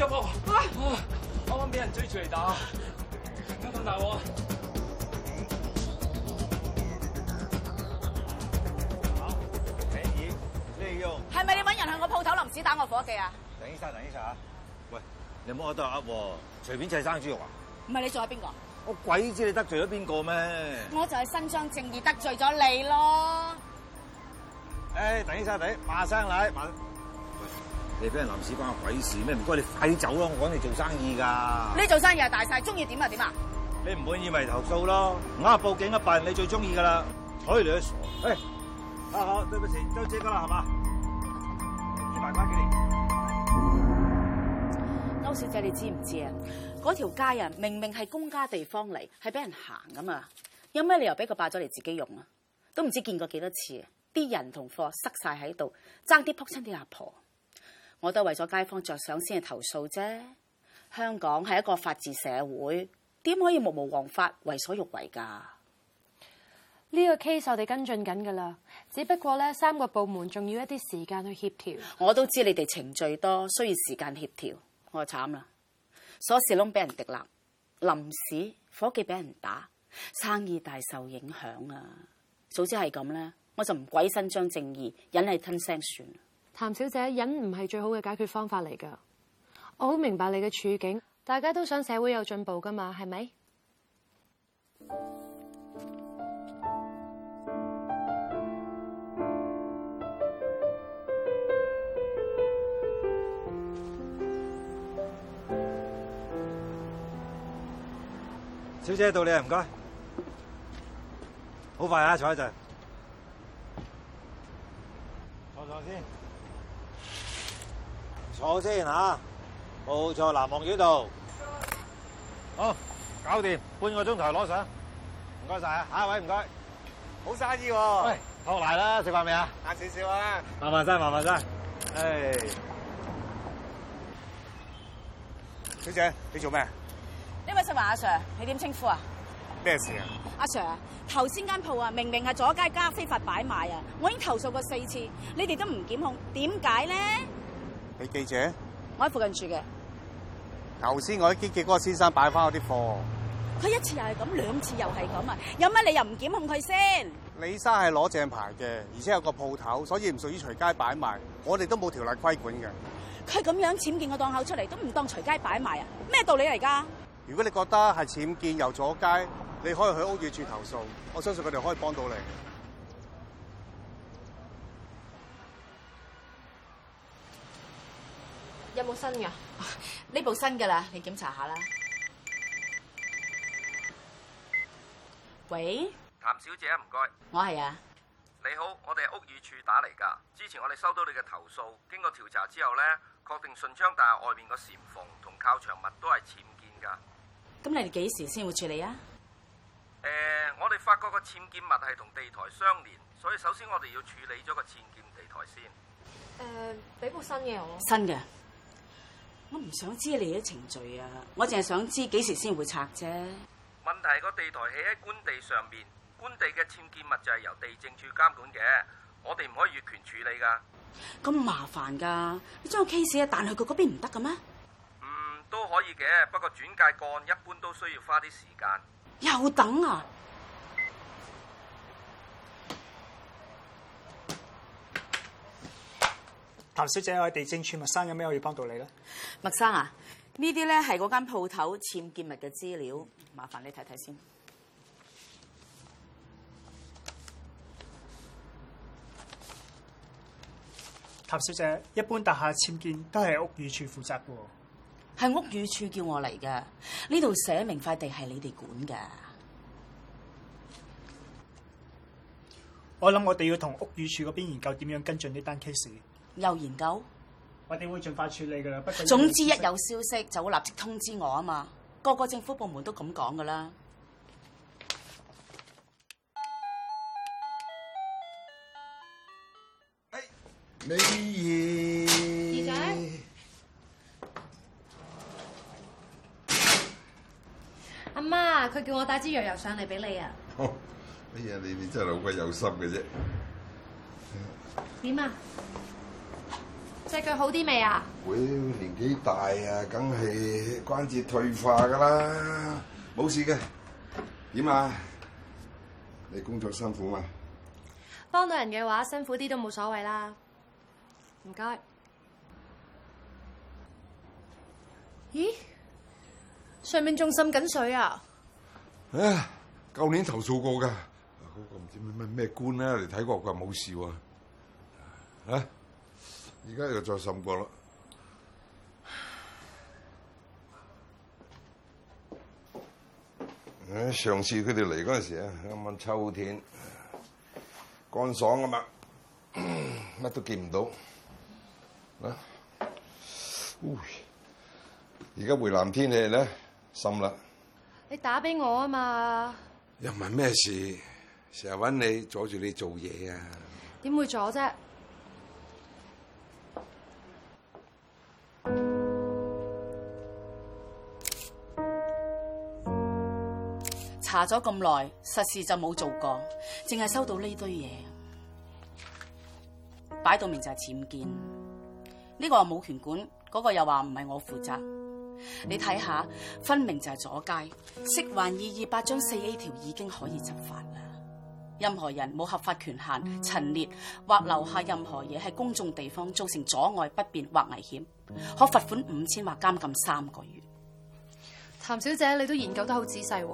阿哥，啱啱俾人追住嚟打，咁大鑊！好，警爾，咩用？係咪你揾人向我鋪頭淋屎打我夥計啊？等醫生，等醫生啊！喂，你唔好喺度噏，隨便砌生豬肉啊？唔係你做咗邊個？我鬼知你得罪咗邊個咩？我就係伸張正義得罪咗你咯！哎，等一下，等，馬上嚟，馬上。你俾人臨時關個鬼事咩？唔該，你快啲走咯！我講你做生意噶，你做生意啊大晒，中意點啊點啊？你唔滿意咪投訴咯，我啊報警一辦，你最中意噶啦。可以你都傻啊！好，對不起，周姐噶啦，係嘛？依排關幾年，譚小姐，你知唔知啊？嗰條街人明明係公家地方嚟，係俾人行噶嘛，有咩理由俾佢霸咗嚟自己用啊？都唔知見過幾多次，啲人同貨塞晒喺度，爭啲仆親啲阿婆。我都為咗街坊着想，先去投訴啫。香港係一個法治社會，點可以目無王法、為所欲為噶？呢個 case 我哋跟進緊噶啦，只不過咧，三個部門仲要一啲時間去協調。我都知你哋程序多，需要時間協調，我話慘啦，鎖匙窿俾人滴蠟，臨時伙計俾人打，生意大受影響啊！早知係咁咧，我就唔鬼伸張正義，忍係吞聲算。譚小姐，忍唔係最好嘅解決方法嚟噶。我好明白你嘅處境，大家都想社會有進步噶嘛，係咪？小姐，到你不唔該，好快啊，坐一陣。先坐先吓，冇錯嗱，望住呢度，好，搞掂，半個鐘頭攞上，唔該晒，下一位唔該，好生意喎，喂，阿伯嚟啦，食飯未啊？晏少少啊，慢慢晒，慢慢晒，哎 Hey，小姐，你做咩？呢位食飯阿 Sir，你點稱呼啊？咩事啊？阿 Sir，頭先間鋪啊，明明係左街加非法擺賣啊，我已經投訴過四次，你哋都唔檢控，點解咧？俾記者，我喺附近住嘅。頭先我喺堅記嗰個先生擺翻我啲貨，佢一次又係咁，兩次又係咁啊！有乜理由唔檢控佢先？李生係攞正牌嘅，而且有個鋪頭，所以唔屬於隨街擺賣。我哋都冇條例規管嘅。佢咁樣僭建個檔口出嚟，都唔當隨街擺賣啊？咩道理嚟㗎？如果你覺得係僭建又阻街，你可以去屋宇署投訴，我相信佢哋可以幫到你。有冇新噶？呢部新噶啦，你檢查下啦。喂，譚小姐，唔該，我係啊。你好，我哋係屋宇署打嚟噶。之前我哋收到你嘅投訴，經過調查之後咧，確定順昌大廈外面個簷篷同靠牆物都係僭建噶。咁你哋幾時先會處理啊？誒，我哋發覺個僭建物係同地台相連，所以首先我哋要處理咗個僭建地台先。誒，俾部新嘅我。新嘅。我唔想知你嘅程序啊，我淨係想知幾時先會拆啫。問題個地台起喺官地上面，官地嘅僭建物就係由地政處監管嘅，我哋唔可以越權處理噶。咁麻煩噶，你將個 case 彈去佢嗰邊唔得噶咩？嗯，都可以嘅，不過轉介個案一般都需要花啲時間，又等啊。譚小姐，我係地政署麥生，有咩可以幫到你咧？麥,生,呢麥生啊，呢啲咧係嗰間鋪頭僭建物嘅資料，麻煩你睇睇先。譚小姐，一般大廈僭建都係屋宇署負責嘅，係屋宇署叫我嚟嘅。呢度寫明塊地係你哋管噶。我諗我哋要同屋宇署嗰邊研究點樣跟進呢單 case。又研究，我哋會盡快處理噶啦。總之一有消息就會立即通知我啊嘛，個個政府部門都咁講噶啦。哎，你二仔，阿媽，佢叫我帶支藥油上嚟俾你啊。好，哎呀，你你真係老鬼有心嘅啫。點啊？隻腳好啲未啊？會年紀大啊，梗係關節退化噶啦，冇事嘅。點啊？你工作辛苦嘛？幫到人嘅話，辛苦啲都冇所謂啦。唔該。咦？上面仲滲緊水啊？唉、啊，舊年投訴過噶，嗰個唔知咩咩咩官咧嚟睇過的，佢話冇事喎。啊？而家又再滲過啦！唉，上次佢哋嚟嗰陣時咧，啱啱秋天，乾爽噶嘛，乜都見唔到。嗱，而家回南天氣咧，滲啦。你打俾我啊嘛？又唔係咩事，成日搵你阻住你做嘢啊？點會阻啫？查咗咁耐，實事就冇做過，淨係收到呢堆嘢，擺到明就係僭建。呢、呢個冇權管，嗰、嗰個又話唔係我負責。嗯、你睇下，分明就係阻街。釋環二二八章四 A 條已經可以執法啦。任何人冇合法權限陳列或留下任何嘢喺公眾地方，造成阻礙不便或危險，可罰款五千或監禁三個月。譚小姐，你都研究得好仔細。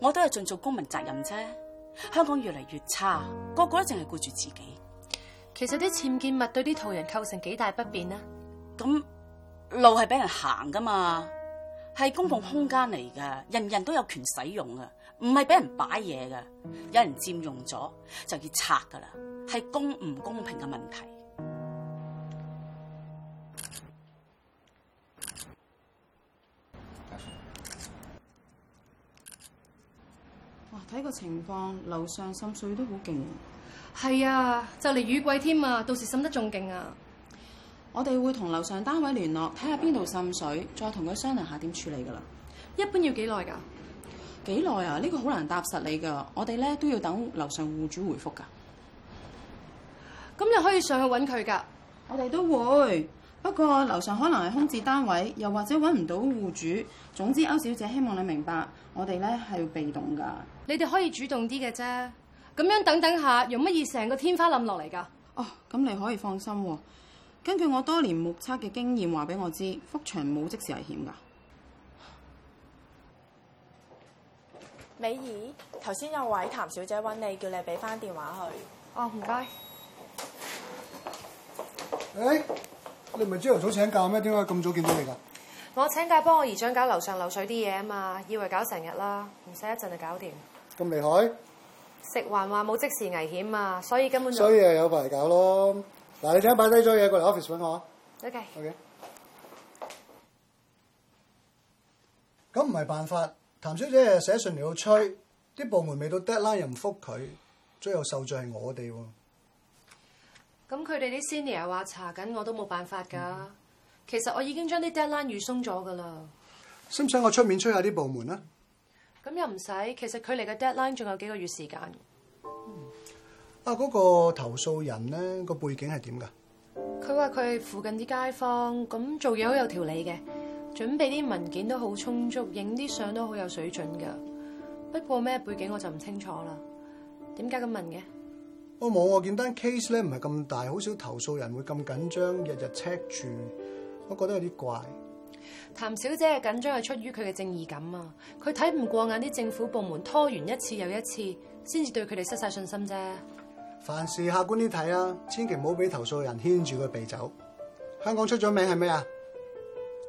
我都係盡做公民責任啫，香港越嚟越差，個個都淨係顧住自己。其實啲僭建物對啲途人構成幾大不便呢？咁路係俾人行噶嘛，係公共空間嚟噶，嗯、人人都有權使用噶，唔係俾人擺嘢噶。有人佔用咗就要拆噶啦，係公唔公平嘅問題。睇個情況，樓上滲水都好勁，係啊，就嚟雨季添啊，到時滲得仲勁啊！我哋會同樓上單位聯絡，睇下邊度滲水，再同佢商量下點處理噶啦。一般要幾耐噶？幾耐啊？呢個好難答實你噶。我哋咧都要等樓上戶主回復噶。咁你可以上去揾佢噶，我哋都會。不過樓上可能係空置單位，又或者揾唔到戶主。總之，歐小姐希望你明白。我哋咧係要被動噶，你哋可以主動啲嘅啫。咁樣等等下，容乜易成個天花冧落嚟噶？哦，咁你可以放心喎。根據我多年目測嘅經驗，話俾我知，幅牆冇即時危險噶。美儀，頭先有位譚小姐搵你，叫你俾翻電話佢。哦，唔該。誒、哎，你唔係朝頭早請假咩？點解咁早見到你噶？我請假幫我姨丈搞樓上漏水啲嘢啊嘛，以為搞成日啦，唔使一陣就搞掂。咁厲害？食環話冇即時危險啊，所以根本就所以就有排搞咯。嗱，你請擺低咗嘢過嚟 office 搵我。O K。O K。咁唔係辦法，譚小姐寫信嚟到催，啲部門未到 deadline 又唔復佢，最後受罪係我哋。咁佢哋啲 senior 話查緊我都冇辦法噶。嗯其實我已經將啲 deadline 預鬆咗㗎啦。使唔使我出面催下啲部門咧？咁又唔使。其實距離嘅 deadline 仲有幾個月時間。啊，嗰個投訴人咧個背景係點㗎？佢話佢係附近啲街坊，咁做嘢好有條理嘅，準備啲文件都好充足，影啲相都好有水準㗎。不過咩背景我就唔清楚啦。點解咁問嘅？我冇啊，見單 case 咧唔係咁大，好少投訴人會咁緊張，日日 check 住。我覺得有啲怪。譚小姐嘅緊張係出於佢嘅正義感啊！佢睇唔過眼啲政府部門拖完一次又一次，先至對佢哋失晒信心啫。凡事客觀啲睇啊，千祈唔好俾投訴人牽住個鼻走。香港出咗名係咩啊？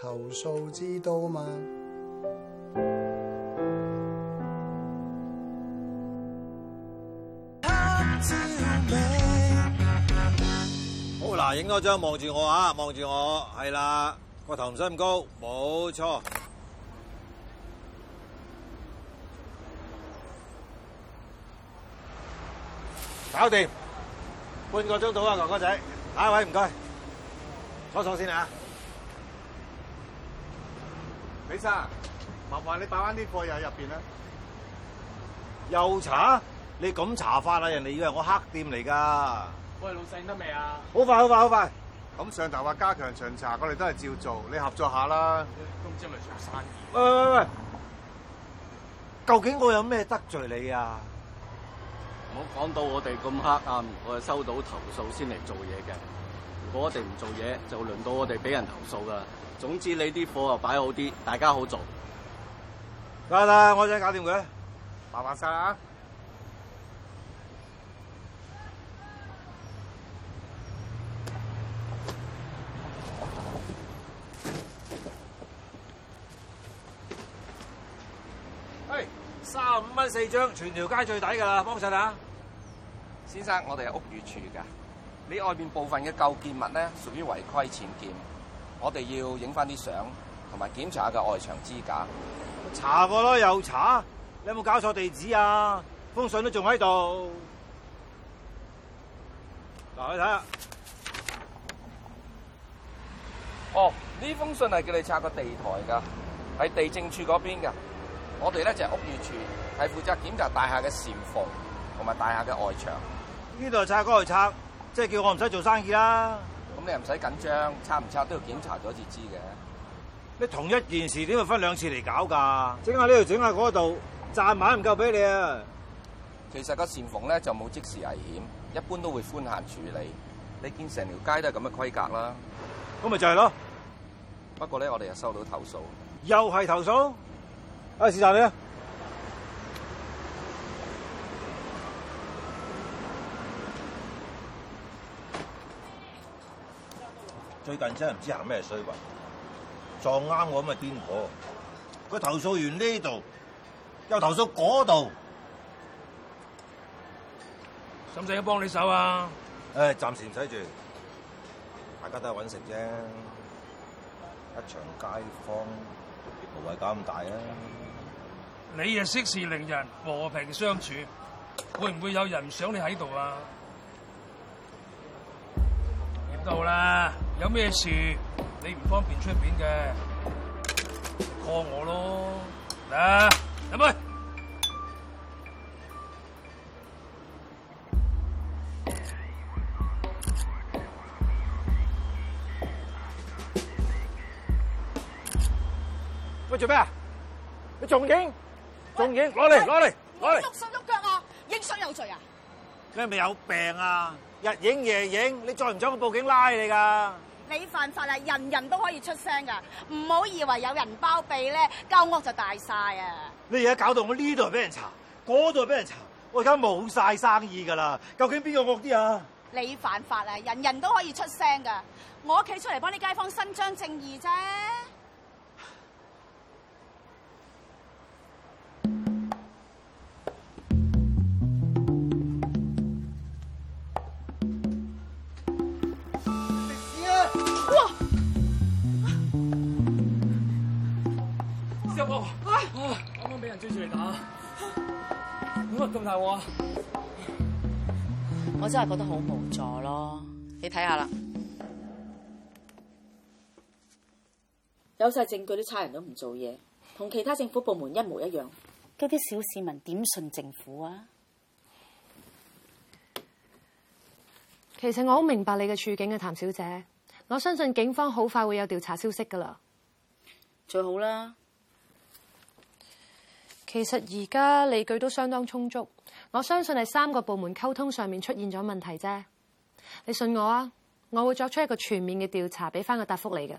投訴之都嘛。嗱，影多張望住我啊，望住我，係啦，個頭唔使咁高，冇錯，搞掂，半個鐘到啦，哥哥仔，下一位唔該，坐坐先啊，李生，麻煩你擺翻啲貨入入邊啦，又查？你咁查法啊？人哋以為我黑店嚟噶。喂，老細得未啊？好快，好快，好快！咁上頭話加強巡查，我哋都係照做，你合作下啦。都唔知係咪做生意？喂喂喂！究竟我有咩得罪你啊？唔好講到我哋咁黑暗，我係收到投訴先嚟做嘢嘅。如果我哋唔做嘢，就輪到我哋俾人投訴噶。總之你啲貨就擺好啲，大家好做。得啦，我想係搞掂佢，麻煩晒啊！三十五蚊四張，全條街最抵噶啦！幫襯啊，先生，我哋係屋宇署噶。你外邊部分嘅舊建物咧，屬於違規僭建，我哋要影翻啲相，同埋檢查下個外牆支架。查過咯，又查？你有冇搞錯地址啊？信看看哦，封信都仲喺度。嗱，去睇下。哦，呢封信係叫你拆個地台噶，喺地政署嗰邊噶。我哋咧就係屋宇署，係負責檢查大廈嘅簷篷同埋大廈嘅外牆。呢度拆嗰度拆，即係叫我唔使做生意啦。咁你又唔使緊張，拆唔拆都要檢查咗先知嘅。你同一件事點會分兩次嚟搞噶？整下呢度，整下嗰度，賺埋唔夠俾你啊！其實個簷篷咧就冇即時危險，一般都會寬限處理。你見成條街都係咁嘅規格啦，咁咪就係咯。不過咧，我哋又收到投訴，又係投訴。係事實咧，試試最近真係唔知行咩衰運，撞啱我咁咪癲婆，佢投訴完呢度又投訴嗰度，使唔使我幫你手啊？誒、哎，暫時唔使住，大家都係搵食啫，一場街坊無謂搞咁大啊！你又息事寧人，和平相處，會唔會有人想你喺度啊？唔到啦，有咩事你唔方便出面嘅，過我咯。嗱，飲杯。喂，做咩啊？你仲唔傾。影攞嚟攞嚟攞嚟！喐手喐腳啊！影相有罪啊！你係咪有病啊？日影夜影，你再唔走我報警拉你噶、啊！你犯法啊！人人都可以出聲噶，唔好以為有人包庇咧，奸惡就大晒啊！你而家搞到我呢度俾人查，嗰度俾人查，我而家冇晒生意噶啦！究竟邊個惡啲啊？你犯法啊！人人都可以出聲噶，我屋企出嚟幫啲街坊伸張正義啫。哦！啊！啱啱俾人追住嚟打，點解咁大鑊啊！我真係覺得好無助咯。你睇下啦，有晒證據，啲差人都唔做嘢，同其他政府部門一模一樣。咁啲小市民點信政府啊？其實我好明白你嘅處境嘅，譚小姐。我相信警方好快會有調查消息噶啦，最好啦。其實而家理據都相當充足，我相信係三個部門溝通上面出現咗問題啫。你信我啊，我會作出一個全面嘅調查，俾翻個答覆你嘅。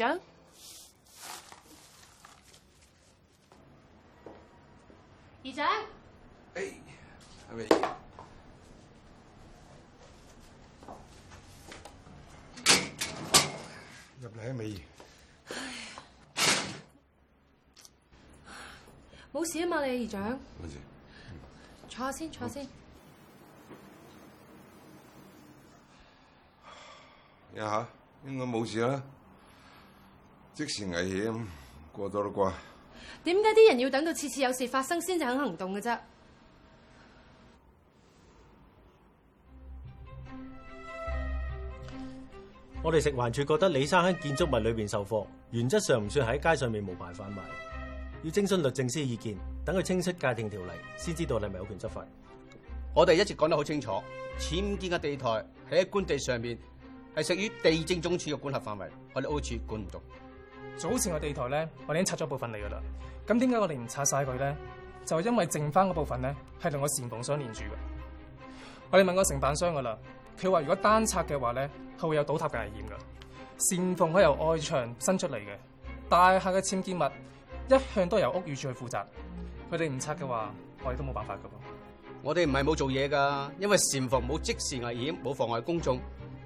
姨丈，姨丈，哎，阿偉，入嚟啊，咪，唉，冇事啊嘛，你姨丈？冇事，坐下先好，坐下先，呀吓，應該冇事啦。即時危險，過咗啦啩？點解啲人要等到次次有事發生先至肯行動嘅？啫？我哋食環署覺得李生喺建築物裏邊售貨，原則上唔算喺街上面無牌販賣，要徵詢律政司意見，等佢清晰界定條例，先知道你咪有權執法。我哋一直講得好清楚，僭建嘅地台喺官地上面，係屬於地政總署嘅管轄範圍，我哋 O 處管唔到。早前個地台咧，我哋已經拆咗部分嚟噶啦。咁點解我哋唔拆晒佢咧？就係因為剩翻嗰部分咧，係同我簷篷相連住噶。我哋問過承辦商噶啦，佢話如果單拆嘅話咧，係會有倒塌嘅危險噶。簷篷係由外牆伸出嚟嘅，大廈嘅僭建物一向都由屋宇署去負責。佢哋唔拆嘅話，我哋都冇辦法噶。我哋唔係冇做嘢噶，因為簷篷冇即時危險，冇妨礙公眾，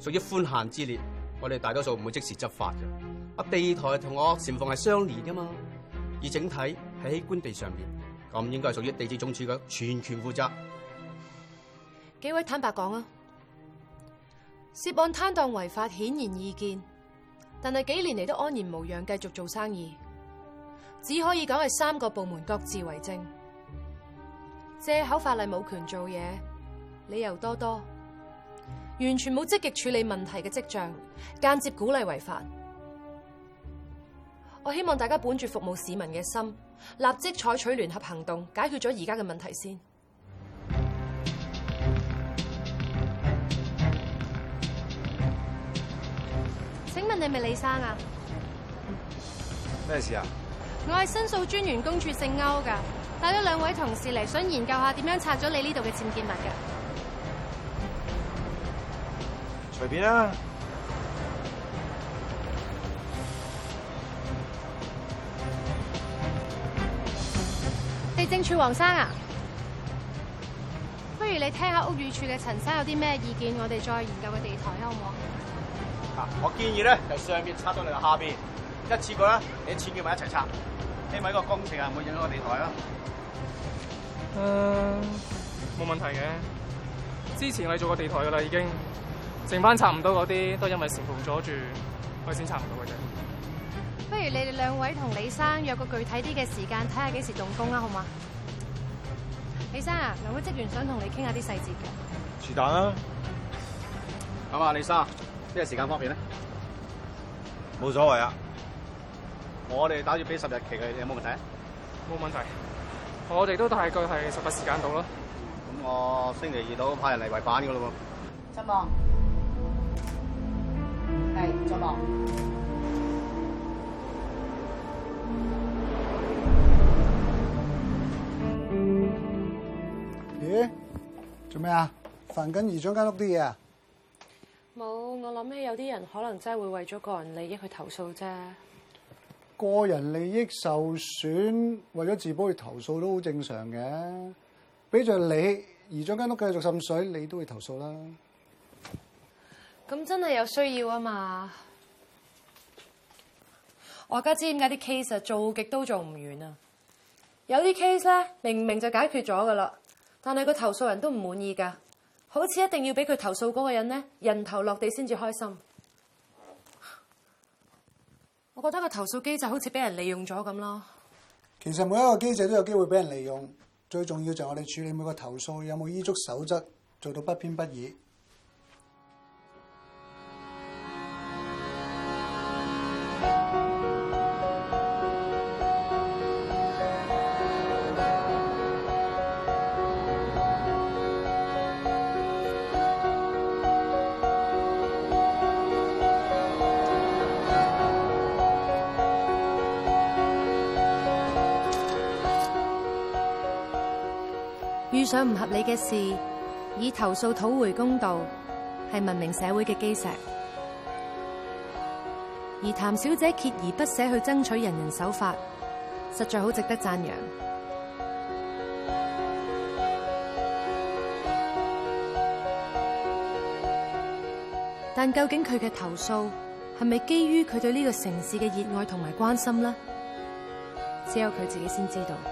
屬於寬限之列。我哋大多數唔會即時執法嘅。地台同我簷篷係相連噶嘛，而整體喺官地上面咁，應該係屬於地政總署嘅全權負責。幾位坦白講啊，涉案攤檔違法顯然易見，但係幾年嚟，都安然無恙，繼續做生意，只可以講係三個部門各自為政，借口法例冇權做嘢，理由多多，完全冇積極處理問題嘅跡象，間接鼓勵違法。我希望大家本住服務市民嘅心，立即採取聯合行動，解決咗而家嘅問題先。請問你係咪李生啊？咩事啊？我係申訴專員公署姓歐噶，帶咗兩位同事嚟，想研究下點樣拆咗你呢度嘅僭建物噶。隨便啦。政署黃生啊，不如你聽下屋宇署嘅陳生有啲咩意見，我哋再研究個地台啦，好唔好啊？我建議咧，就上邊拆到你嚟下邊，一次過啦，你一次叫埋一齊拆，起碼呢個工程啊，唔會影到個地台啦，啊。嗯、啊，冇問題嘅。之前我做過地台噶啦，已經剩翻拆唔到嗰啲，都因為承重阻住，我先拆唔到佢哋。不如你哋兩位同李生約個具體啲嘅時間，睇下幾時動工啦，好嘛？李生啊，兩位職員想同你傾下啲細節嘅。是但啦。咁啊，李生，咩時間方便咧？冇所謂啊。我哋打算俾十日期嘅，有冇問題？冇問題。問題我哋都大概係十八時間到咯。咁我星期二到派人嚟圍板噶咯喎。在忙幫。係在忙。咦？做咩啊？煩緊姨丈間屋啲嘢？啊，冇，我諗起有啲人可能真係會為咗個人利益去投訴啫。個人利益受損，為咗自保去投訴都好正常嘅。俾着你姨丈間屋繼續滲水，你都會投訴啦。咁真係有需要啊嘛？我家知點解啲 case 啊做極都做唔完啊！有啲 case 咧，明明就解決咗噶啦，但係個投訴人都唔滿意噶，好似一定要俾佢投訴嗰個人咧，人頭落地先至開心。我覺得個投訴機制好似俾人利用咗咁咯。其實每一個機制都有機會俾人利用，最重要就係我哋處理每個投訴有冇依足守則，做到不偏不倚。唔合理嘅事，以投訴討回公道，係文明社會嘅基石。而譚小姐鍥而不捨去爭取人人守法，實在好值得讚揚。但究竟佢嘅投訴，係咪基於佢對呢個城市嘅熱愛同埋關心咧？只有佢自己先知道。